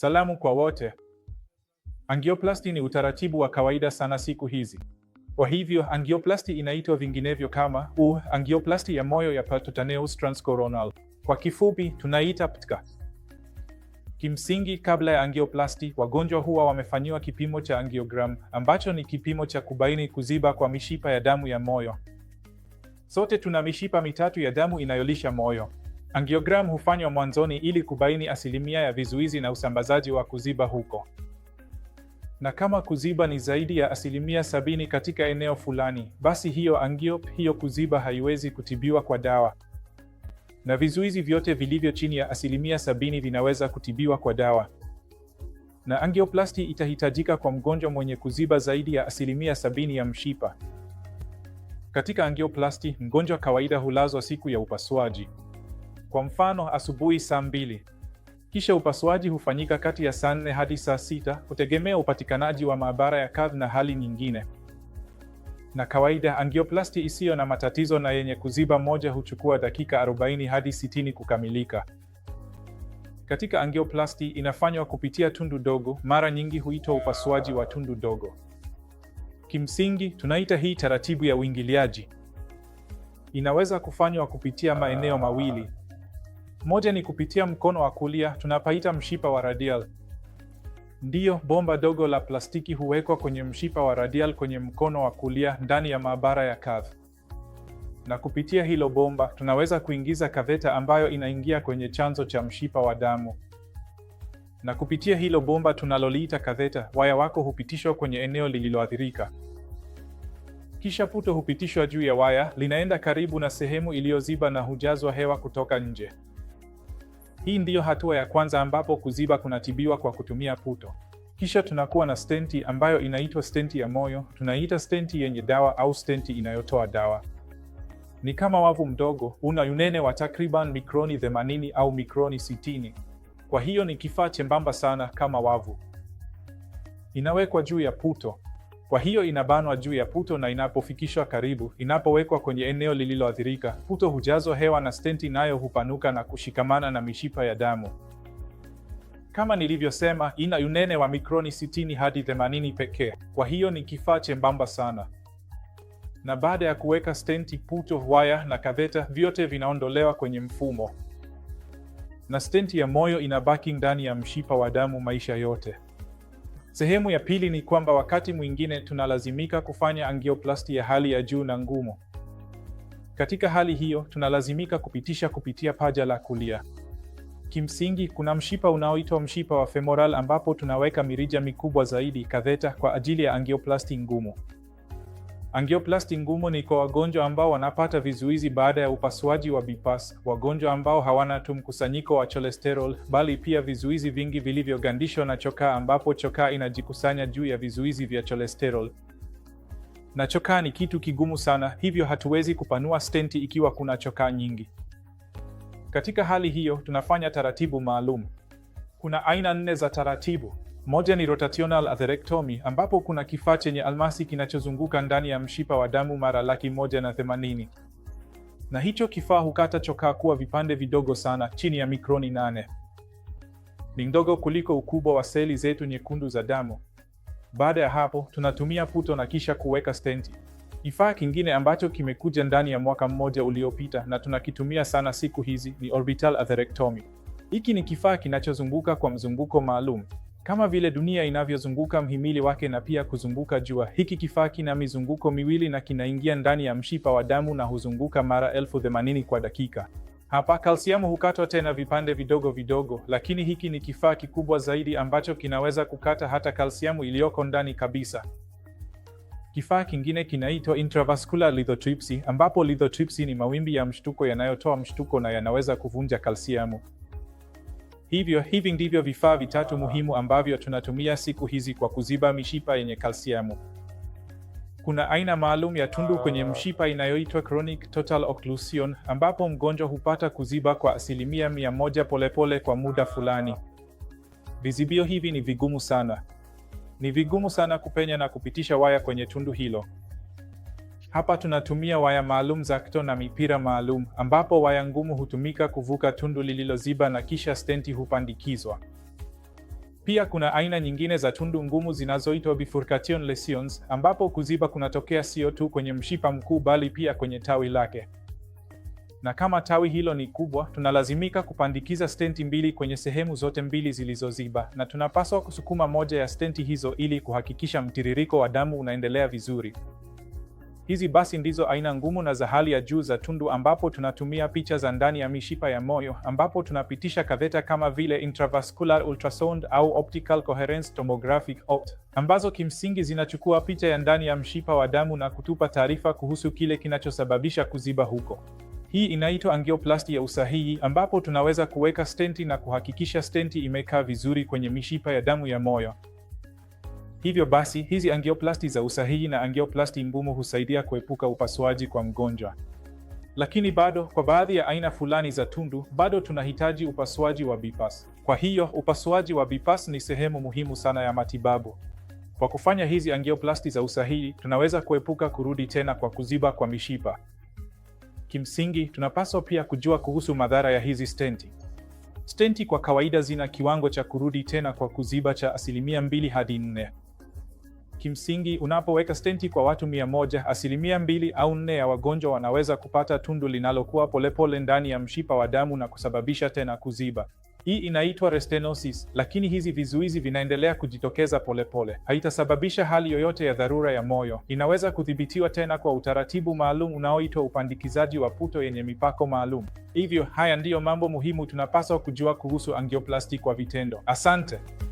Salamu kwa wote. Angioplasti ni utaratibu wa kawaida sana siku hizi. Kwa hivyo angioplasti inaitwa vinginevyo kama u angioplasti ya moyo ya percutaneous transcoronal, kwa kifupi tunaita PTCA. Kimsingi, kabla ya angioplasti, wagonjwa huwa wamefanyiwa kipimo cha angiogram ambacho ni kipimo cha kubaini kuziba kwa mishipa ya damu ya moyo. Sote tuna mishipa mitatu ya damu inayolisha moyo. Angiogram hufanywa mwanzoni ili kubaini asilimia ya vizuizi na usambazaji wa kuziba huko. Na kama kuziba ni zaidi ya asilimia sabini katika eneo fulani, basi hiyo angiop, hiyo kuziba haiwezi kutibiwa kwa dawa. Na vizuizi vyote vilivyo chini ya asilimia sabini vinaweza kutibiwa kwa dawa. Na angioplasti itahitajika kwa mgonjwa mwenye kuziba zaidi ya asilimia sabini ya mshipa. Katika angioplasti, mgonjwa kawaida hulazwa siku ya upasuaji kwa mfano asubuhi saa mbili. Kisha upasuaji hufanyika kati ya saa nne hadi saa sita kutegemea upatikanaji wa maabara ya kadhi na hali nyingine. Na kawaida angioplasti isiyo na matatizo na yenye kuziba moja huchukua dakika 40 hadi 60 kukamilika. Katika angioplasti inafanywa kupitia tundu dogo, mara nyingi huitwa upasuaji wa tundu dogo. Kimsingi tunaita hii taratibu ya uingiliaji. Inaweza kufanywa kupitia maeneo mawili, moja ni kupitia mkono wa kulia, tunapaita mshipa wa radial. Ndiyo, bomba dogo la plastiki huwekwa kwenye mshipa wa radial kwenye mkono wa kulia ndani ya maabara ya cath, na kupitia hilo bomba tunaweza kuingiza kaveta ambayo inaingia kwenye chanzo cha mshipa wa damu, na kupitia hilo bomba tunaloliita kaveta, waya wako hupitishwa kwenye eneo lililoathirika. Kisha puto hupitishwa juu ya waya, linaenda karibu na sehemu iliyoziba na hujazwa hewa kutoka nje. Hii ndiyo hatua ya kwanza ambapo kuziba kunatibiwa kwa kutumia puto. Kisha tunakuwa na stenti ambayo inaitwa stenti ya moyo, tunaita stenti yenye dawa au stenti inayotoa dawa. Ni kama wavu mdogo, una unene wa takriban mikroni 80 au mikroni 60. Kwa hiyo ni kifaa chembamba sana kama wavu. Inawekwa juu ya puto. Kwa hiyo inabanwa juu ya puto na inapofikishwa karibu, inapowekwa kwenye eneo lililoathirika, puto hujazwa hewa na stenti nayo hupanuka na kushikamana na mishipa ya damu. Kama nilivyosema, ina unene wa mikroni 60 hadi 80 pekee, kwa hiyo ni kifaa chembamba sana. Na baada ya kuweka stenti, puto, waya na katheta vyote vinaondolewa kwenye mfumo, na stenti ya moyo inabaki ndani ya mshipa wa damu maisha yote. Sehemu ya pili ni kwamba wakati mwingine tunalazimika kufanya angioplasti ya hali ya juu na ngumu. Katika hali hiyo, tunalazimika kupitisha kupitia paja la kulia. Kimsingi, kuna mshipa unaoitwa mshipa wa femoral ambapo tunaweka mirija mikubwa zaidi katheta kwa ajili ya angioplasti ngumu. Angioplasti ngumu ni kwa wagonjwa ambao wanapata vizuizi baada ya upasuaji wa bypass, wagonjwa ambao hawana tu mkusanyiko wa cholesterol bali pia vizuizi vingi vilivyogandishwa na chokaa, ambapo chokaa inajikusanya juu ya vizuizi vya cholesterol. Na chokaa ni kitu kigumu sana, hivyo hatuwezi kupanua stenti ikiwa kuna chokaa nyingi. Katika hali hiyo, tunafanya taratibu maalum. Kuna aina nne za taratibu. Moja ni rotational atherectomy ambapo kuna kifaa chenye almasi kinachozunguka ndani ya mshipa wa damu mara laki moja na themanini, na hicho kifaa hukata chokaa kuwa vipande vidogo sana, chini ya mikroni nane. Ni ndogo kuliko ukubwa wa seli zetu nyekundu za damu. Baada ya hapo, tunatumia puto na kisha kuweka stenti. Kifaa kingine ambacho kimekuja ndani ya mwaka mmoja uliopita na tunakitumia sana siku hizi ni orbital atherectomy. Hiki ni kifaa kinachozunguka kwa mzunguko maalum kama vile dunia inavyozunguka mhimili wake na pia kuzunguka jua. Hiki kifaa kina mizunguko miwili na kinaingia ndani ya mshipa wa damu na huzunguka mara elfu themanini kwa dakika. Hapa kalsiamu hukatwa tena vipande vidogo vidogo, lakini hiki ni kifaa kikubwa zaidi ambacho kinaweza kukata hata kalsiamu iliyoko ndani kabisa. Kifaa kingine kinaitwa intravascular lithotripsy, ambapo lithotripsy ni mawimbi ya mshtuko yanayotoa mshtuko na yanaweza kuvunja kalsiamu. Hivyo hivi ndivyo vifaa vitatu muhimu ambavyo tunatumia siku hizi kwa kuziba mishipa yenye kalsiamu. Kuna aina maalum ya tundu kwenye ah. mshipa inayoitwa chronic total occlusion, ambapo mgonjwa hupata kuziba kwa asilimia mia moja polepole kwa muda fulani. Vizibio hivi ni vigumu sana, ni vigumu sana kupenya na kupitisha waya kwenye tundu hilo. Hapa tunatumia waya maalum za kto na mipira maalum, ambapo waya ngumu hutumika kuvuka tundu lililoziba na kisha stenti hupandikizwa. Pia kuna aina nyingine za tundu ngumu zinazoitwa bifurcation lesions, ambapo kuziba kunatokea sio tu kwenye mshipa mkuu bali pia kwenye tawi lake, na kama tawi hilo ni kubwa, tunalazimika kupandikiza stenti mbili kwenye sehemu zote mbili zilizoziba, na tunapaswa kusukuma moja ya stenti hizo ili kuhakikisha mtiririko wa damu unaendelea vizuri. Hizi basi ndizo aina ngumu na za hali ya juu za tundu, ambapo tunatumia picha za ndani ya mishipa ya moyo, ambapo tunapitisha kaveta kama vile intravascular ultrasound au optical coherence tomographic OCT, ambazo kimsingi zinachukua picha ya ndani ya mshipa wa damu na kutupa taarifa kuhusu kile kinachosababisha kuziba huko. Hii inaitwa angioplasti ya usahihi, ambapo tunaweza kuweka stenti na kuhakikisha stenti imekaa vizuri kwenye mishipa ya damu ya moyo. Hivyo basi, hizi angioplasti za usahihi na angioplasti ngumu husaidia kuepuka upasuaji kwa mgonjwa. Lakini bado kwa baadhi ya aina fulani za tundu bado tunahitaji upasuaji wa bypass. Kwa hiyo upasuaji wa bypass ni sehemu muhimu sana ya matibabu. Kwa kufanya hizi angioplasti za usahihi, tunaweza kuepuka kurudi tena kwa kuziba kwa mishipa. Kimsingi, tunapaswa pia kujua kuhusu madhara ya hizi stenti. Stenti kwa kawaida zina kiwango cha kurudi tena kwa kuziba cha asilimia mbili hadi nne. Kimsingi, unapoweka stenti kwa watu mia moja, asilimia mbili au nne ya wagonjwa wanaweza kupata tundu linalokuwa polepole ndani ya mshipa wa damu na kusababisha tena kuziba. Hii inaitwa restenosis, lakini hizi vizuizi vinaendelea kujitokeza polepole. Haitasababisha hali yoyote ya dharura ya moyo. Inaweza kudhibitiwa tena kwa utaratibu maalum unaoitwa upandikizaji wa puto yenye mipako maalum. Hivyo haya ndiyo mambo muhimu tunapaswa kujua kuhusu angioplasti kwa vitendo. Asante.